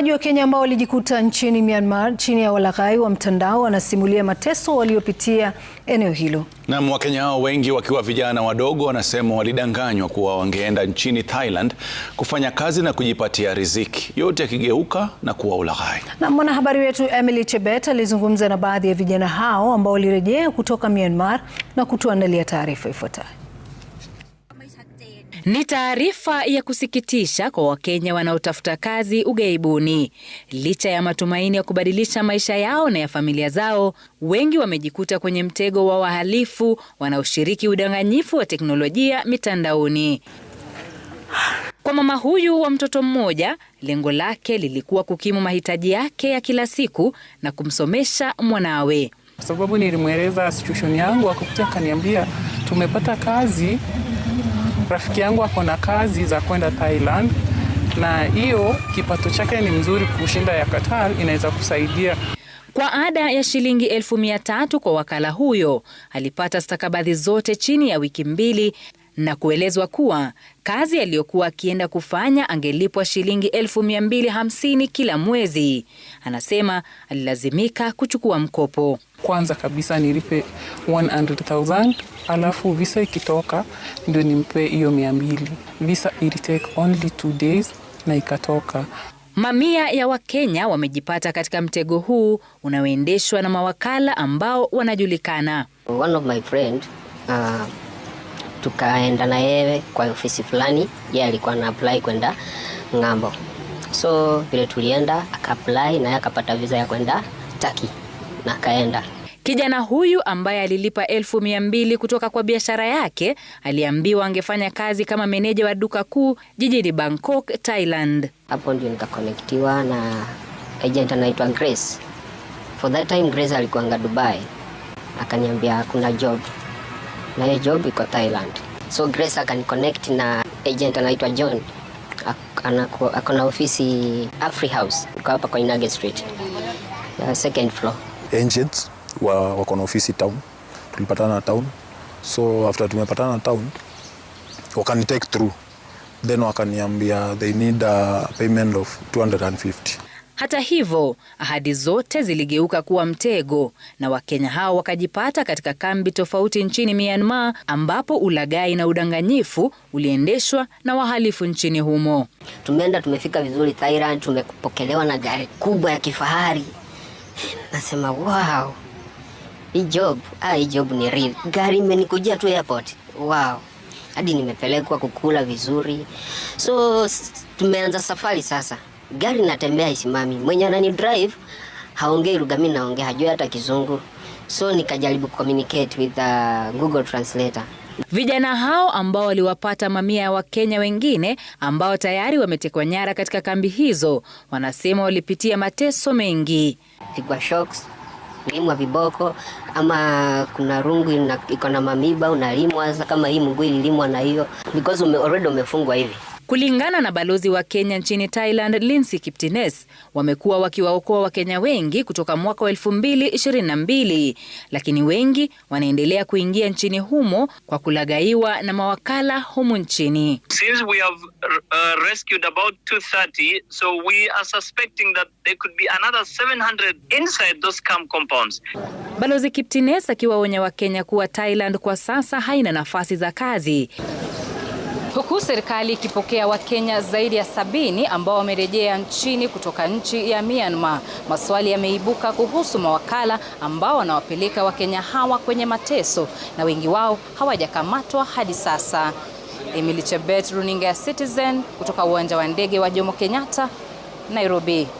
Watazamaji wa Kenya ambao walijikuta nchini Myanmar chini ya walaghai wa mtandao wanasimulia mateso waliopitia eneo hilo. Naam, Wakenya hao wengi wakiwa vijana wadogo wanasema walidanganywa kuwa wangeenda nchini Thailand kufanya kazi na kujipatia riziki, yote yakigeuka na kuwa ulaghai. Na mwanahabari wetu Emily Chebet alizungumza na baadhi ya vijana hao ambao walirejea kutoka Myanmar na kutuandalia taarifa ifuatayo. Ni taarifa ya kusikitisha kwa Wakenya wanaotafuta kazi ughaibuni. Licha ya matumaini ya kubadilisha maisha yao na ya familia zao, wengi wamejikuta kwenye mtego wa wahalifu wanaoshiriki udanganyifu wa teknolojia mitandaoni. Kwa mama huyu wa mtoto mmoja, lengo lake lilikuwa kukimu mahitaji yake ya kila siku na kumsomesha mwanawe. Kwa sababu nilimweleza situation yangu, akakuta akaniambia tumepata kazi Rafiki yangu ako na kazi za kwenda Thailand na hiyo kipato chake ni mzuri kushinda ya Qatar, inaweza kusaidia kwa ada ya shilingi elfu mia tatu kwa wakala huyo. Alipata stakabadhi zote chini ya wiki mbili na kuelezwa kuwa kazi aliyokuwa akienda kufanya angelipwa shilingi elfu mia mbili hamsini kila mwezi. Anasema alilazimika kuchukua mkopo. Kwanza kabisa nilipe 100,000 alafu visa ikitoka ndio nimpe hiyo mia mbili. Visa ilitake only two days na ikatoka. Mamia ya Wakenya wamejipata katika mtego huu unaoendeshwa na mawakala ambao wanajulikana. One of my friend, uh tukaenda na yeye kwa ofisi fulani, yeye alikuwa na apply kwenda ng'ambo. So vile tulienda akaapply na akapata visa ya kwenda Turkey na akaenda. Kijana huyu ambaye alilipa elfu mia mbili kutoka kwa biashara yake aliambiwa angefanya kazi kama meneja wa duka kuu jijini Bangkok, Thailand. Hapo ndio nikakonektiwa na agent anaitwa Grace. For that time Grace alikuanga Dubai, akaniambia kuna job na hiyo job iko Thailand. So Grace akaniconnect na agent anaitwa John ako na ofisi Afri House iko hapa kwa Inage Street second floor. Agents wa wako na ofisi town, tulipatana na town. So after tumepatana na town, wakani take through then wakaniambia they need a payment of 250 hata hivyo, ahadi zote ziligeuka kuwa mtego na Wakenya hao wakajipata katika kambi tofauti nchini Myanmar ambapo ulagai na udanganyifu uliendeshwa na wahalifu nchini humo. Tumeenda tumefika vizuri Thailand, tumepokelewa na gari kubwa ya kifahari. Nasema wow. Hii job, ah, hii job ni real. Gari imenikujia tu airport. Wow. Hadi nimepelekwa kukula vizuri. So tumeanza safari sasa gari natembea isimami, mwenye anani drive haongei lugha mimi naongea, hajui hata Kizungu, so nikajaribu communicate with the uh, Google translator. Vijana hao ambao waliwapata mamia ya Wakenya wengine ambao tayari wametekwa nyara katika kambi hizo, wanasema walipitia mateso mengi, pigwa shocks, limwa viboko, ama kuna rungu iko na mamiba unalimwa. kama hii mguu ilimwa na hiyo because ume, already umefungwa hivi Kulingana na balozi wa Kenya nchini Thailand, Lindsay Kiptines, wamekuwa wakiwaokoa Wakenya wengi kutoka mwaka wa 2022, lakini wengi wanaendelea kuingia nchini humo kwa kulagaiwa na mawakala humu nchini. Since we have, uh, rescued about 230, so we are suspecting that there could be another 700 inside those camp compounds. Balozi Kiptines akiwaonya Wakenya kuwa Thailand kwa sasa haina nafasi za kazi huku serikali ikipokea Wakenya zaidi ya sabini ambao wamerejea nchini kutoka nchi ya Myanmar. Maswali yameibuka kuhusu mawakala ambao wanawapeleka Wakenya hawa kwenye mateso na wengi wao hawajakamatwa hadi sasa. Emily Chebet, runinga ya Citizen, kutoka uwanja wa ndege wa Jomo Kenyatta, Nairobi.